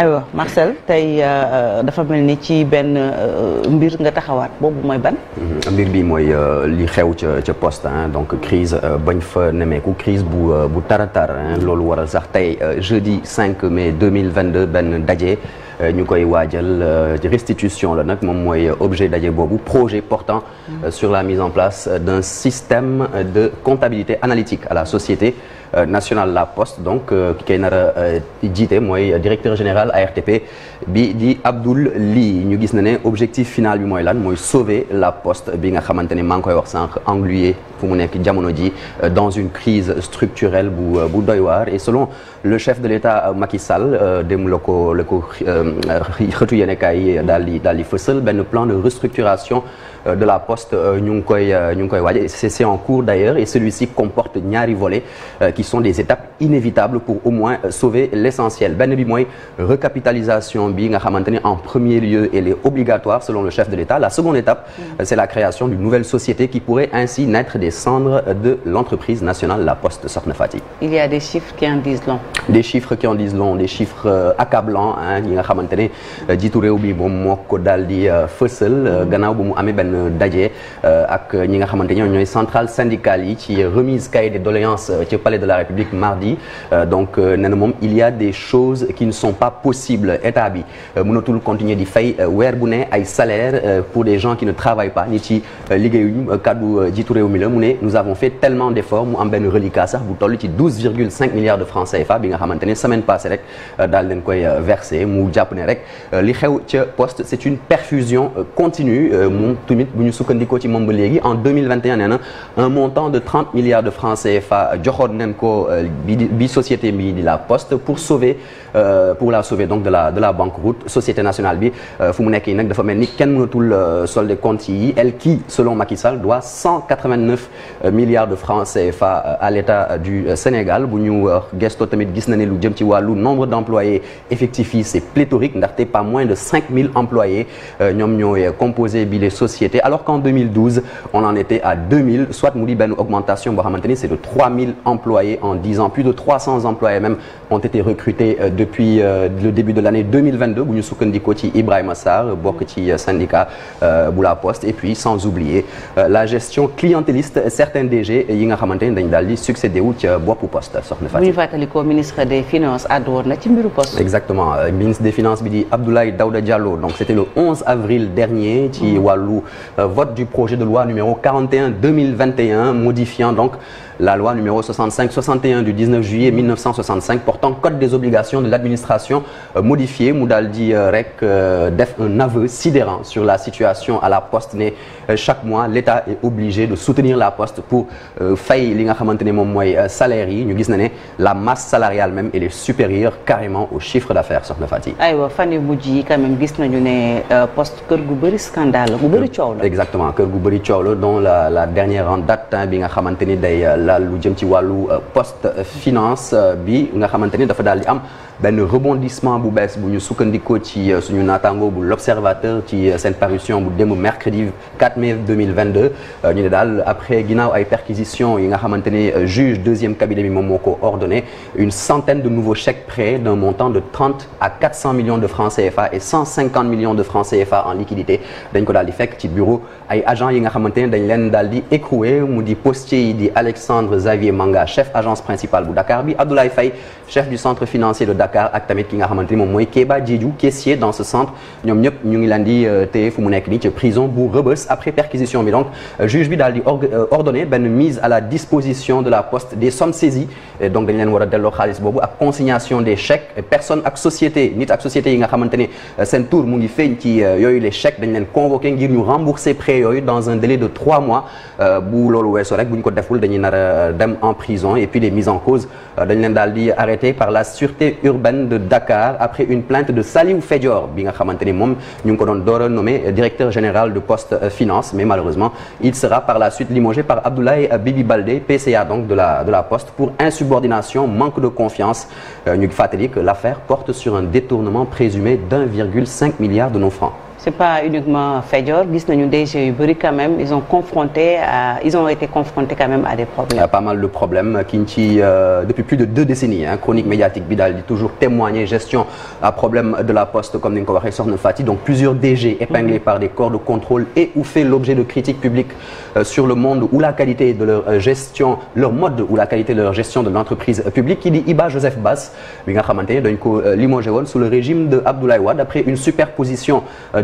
aywa Marcel tey euh, euh, dafa mel ni ci benn euh, mbir nga taxawaat boobu mooy ban. Mm-hmm. mbir bi mooy li xew ca ca poste donc crise bañ fa nemeeku crise bu bu taratar loolu waral sax tey jeudi 5 mai 2022 benn daje. ñu koy waajal restitution la nag moom mooy objet daje boobu projet portant mm. sur la mise en place d'un système de comptabilité analytique à la société Euh, nationale La Poste donc euh, ki koy nar euh, jiite mooy directeur général ARTP bi di Abdoul Ly ñu gis na ne objectif final bi mooy lan mooy sauver La post bi nga xamante ne maa ngi koy wax sànq englué fu mu nekk jamono ji dans une crise structurelle bu bu doy waar et selon le chef de l'État Macky Sall dem la ko la ko xëtu yenekaay daal di daal di fësal benn plan de restructuration de la poste ñu ngi koy ñu ngi koy waaj c'est en cours d'ailleurs et celui-ci comporte ñaari volets sont des étapes inévitables pour au moins euh, sauver l'essentiel benn bi mooy recapitalisation bi nga xamante ni en premier lieu elle est obligatoire selon le chef de l'État la seconde étape mm. euh, c'est la création d'une nouvelle société qui pourrait ainsi naître des cendres de l'entreprise nationale La Poste Sokhna Fati il y a des chiffres qui en disent long des chiffres qui en disent long euh, accablants ñi nga xamante ne jiitu réew bi moom moo ko daal di mm. ñi nga xamante ñoom ñooy la République mardi euh, donc euh, nee na il y a des choses qui ne sont pas possibles état bi euh, mënatul continuer di fay weer bu ay salaire pour des gens qui ne travaillent pas nit ci liggéeyuñu kàddu jiitu réew mi la mu ne nous avons fait tellement d'efforts mu am benn reliquat sax bu toll ci 12,5 milliards de francs CFA bi nga xamante ne mu jàpp li xew ca poste c'est une perfusion continue moom tamit bu ñu sukkandikoo ci moom ba en 2021 un montant de milliards de francs ko euh, bi bi société bi di la poste pour sauver euh, pour de la de la banqueroute société nationale bi euh, fu mu nekk yi nag dafa ni kenn mënatul solde compte yi elle qui selon Macky Sall doit 189 milliards de francs CFA à l'état du Sénégal bu ñu gëstoo tamit gis na ne lu jëm ci wàllu nombre d'employés effectifs yi c'est pléthorique ndaxte pas moins de 5000 employés ñoom ñooy composé bi les sociétés alors qu'en 2012 on en était à 2000 soit mu di benn augmentation boo xamante ni employés en 10 ans plus de 300 employés même ont été recrutés euh, depuis euh, le début de l'année 2022 bu ñu sukkandikoo ci Ibrahima Sarr bokk ci euh, la Poste et puis sans oublier gestion clientéliste certains DG yi nga xamante ne dañ daal di succédé wu ca boppu Poste soxna Fatou. ñu fàttalikoo ministre des finances àddu woon na ci mbiru Poste. bi di Abdoulaye Daouda Diallo donc c' était le 11 avril ci mm-hmm. wàllu vote du projet de loi numéro 41 2021 modifiant donc. la loi numéro 65-61 du 19 juillet 1965 portant code des obligations de l'administration euh, modifié mu daal di euh, rek euh, def un aveu sidérant la situation la poste chaque mois l'État est obligé de soutenir la poste pour fay li nga xamante ne moom mooy salaire yi ñu gis na ne la masse salariale même elle est supérieure carrément au chiffre d'affaires soxna Fatick. aywa fan yu mujj yi kër gu bëri scandale gu bëri coow la. exactement kër gu bëri coow la dont la la dernière en bi nga xamante ni day. laal lu jëm ci wàllu euh, poste euh, finance euh, bi nga xamante ni dafa daal di am benn rebondissement bu bees bu ñu sukkandikoo ci euh, suñu naataango bu l'observateur ci euh, seen parution bu démb mercredi 4 mai 2022 euh, ñu ne daal après ginnaaw ay perquisition yi nga xamante ne juge deuxième cabinet bi moom ko ordonné une centaine de nouveaux chèques prêts d'un montant de 30 à millions de francs CFA et 150 millions de francs CFA en liquidité dañ ko daal di fekk ci bureau ay agents yi nga xamante ne dañ leen daal di écroué mu di postier yi di Alexandre Xavier Manga chef agence principale bu Dakar bi Dakar ak tamit ki nga xamante ni moom mooy Kéba Diédhiou caissier dans ce centre ñoom ñëpp ñu ngi leen di euh, téye fu mu nekk nii ci prison bu Rebeuss après perquisition bi donc euh, juge bi daal di euh, ordonné mise à la disposition de la poste des sommes saisies donc dañ a delloo xaalis boobu ak consignation des chèques personne ak société nit ak société yi nga xamante ne mu ngi feeñ ci yooyu les chèques dañ leen convoqué ngir ñu rembourser prêt yooyu dans un délai de trois mois bu loolu weesoo rek bu ñu ko deful dañuy nar dem en prison et puis des mises en cause dañ leen par urbaine de Dakar après une plainte de Saliou Fedior bi nga xamante ni moom ñu ngi ko doon door a nommé euh, directeur général de poste euh, finance mais malheureusement il sera par la suite limogé par Abdoulaye euh, Bibi Baldé PCA de la poste pour insubordination manque de confiance ñu fàttali que l'affaire porte sur un détournement présumé d' milliard de nos francs c'est pas uniquement Fedior gis ont confronté à ils ont été mal de problèmes ki euh, depuis plus de deux décennies hein, chronique médiatique bi daal di toujours témoigner gestion à problème de la poste comme ni nga ko waxee soxna Fati donc plusieurs DG épinglés mm -hmm. par des corps de contrôle et ou fait l'objet de critiques publiques euh, sur euh, euh, Iba Joseph Bass bi nga xamante ne sous le régime de Abdoulaye après une superposition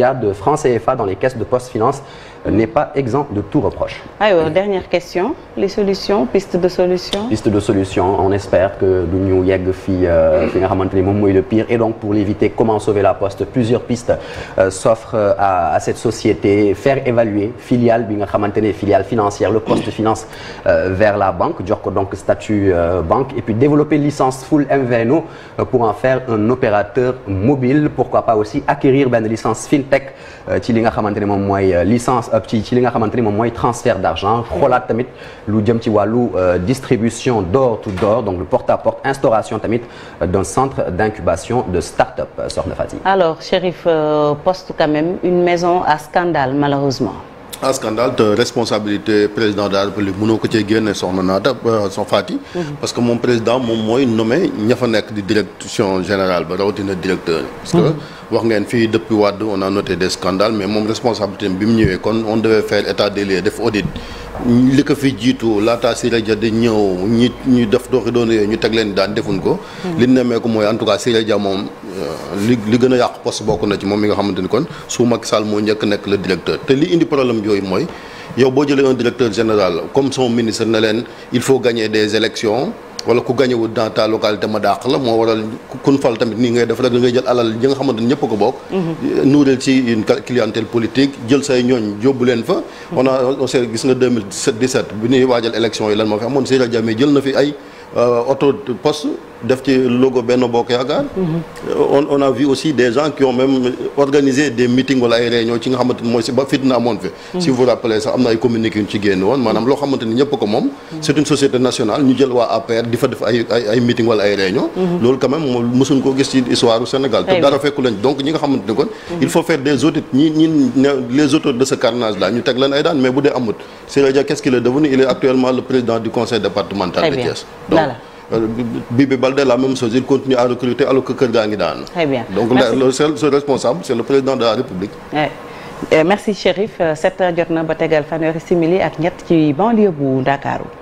milliards de francs CFA e dans les caisses de Poste Finance euh, n'est pas exempt de tout reproche. Alors, ah, dernière question, les solutions, piste de solution Piste de solution, on espère que du ñu yegg fii fi euh, mooy le pire et donc pour l'éviter, comment sauver la poste plusieurs pistes euh, s'offrent à, cette société, faire évaluer filiale bi nga xamante ne filiale financière le poste finance euh, vers la banque jox ko donc statut euh, banque et puis développer licence full MVNO pour en faire un opérateur mobile, teg euh, ci li nga xamante ne moom mooy euh, licence euh, ci ci li nga xamante ne moom mooy transfert d'argent xoolaat tamit lu jëm ci wàllu distribution door to door donc le porte à porte instauration tamit d'un centre d'incubation de start-up Soxna Fati. alors Chérif euh, poste quand même une maison à scandale malheureusement. un scandale te responsabilité président de la République mënoo ko cee génne soxna naata son faati mhm. parce que moom président moom mooy nommé ña fa nekk di direction générale ba rawatina directeur parce que mhm. wax ngeen fii depuis Wade on a noté des scandales mais moom responsabilité bi mu ñëwee kon on devait faire état des lieux def audit li ko fi jiitu laataa Siré Dia di ñëw ñi ñu def doxi doon yooyu ñu teg leen daan defuñ ko. Hmm. li ñu nemmeeku mooy en tout cas Siré Dia moom euh, li gën a yàq poste bokk na ci moom mi nga xamante ni kon su Macky Sall moo njëkk nekk le directeur te li indi problème yooyu mooy yow boo jëlee un directeur général comme son ministre na leen il faut gagner des wala ku gañewul dans localité ma dàq la moo waral kun fal tamit nii ngay def rek da jël alal yi nga xamante ni ko bokk. Mhm. nuureel ci une clientèle politique jël say ñooñ yóbbu leen fa. Mhm. on a on gis nga 2017 bi ñuy waajal élection yi lan moo fi amoon Sira Diame jël na fi ay euh, auto poste def ci logo benn bokk yaakaar. Mhm. on on a aussi des gens qui ont même organisé des meetings wala ay réunions ci nga xamante mooy si ba fitna amoon fi. Mhm. si vous rappelez sax am na ay communiqué yu ñu ci génn woon maanaam loo xamante ni ñëpp ko moom. Mhm. c'est une société nationale ñu jël waa APR di fa def ay ay meeting wala ay réunions. loolu quand moom mosuñ koo gis ci histoire du Sénégal. te dara fekku lañ donc ñi nga xamante kon. il faut faire des audits Euh, Bibi Baldé la même chose il continue à recruter alors kër gaa ngi daan. très bien donc la le seul responsable c'est le président de la République. Euh, merci Chérif 7 euh, heures jot na ba tegal fanweeri simili ak ñett ci banlieue bu Ndakaaru.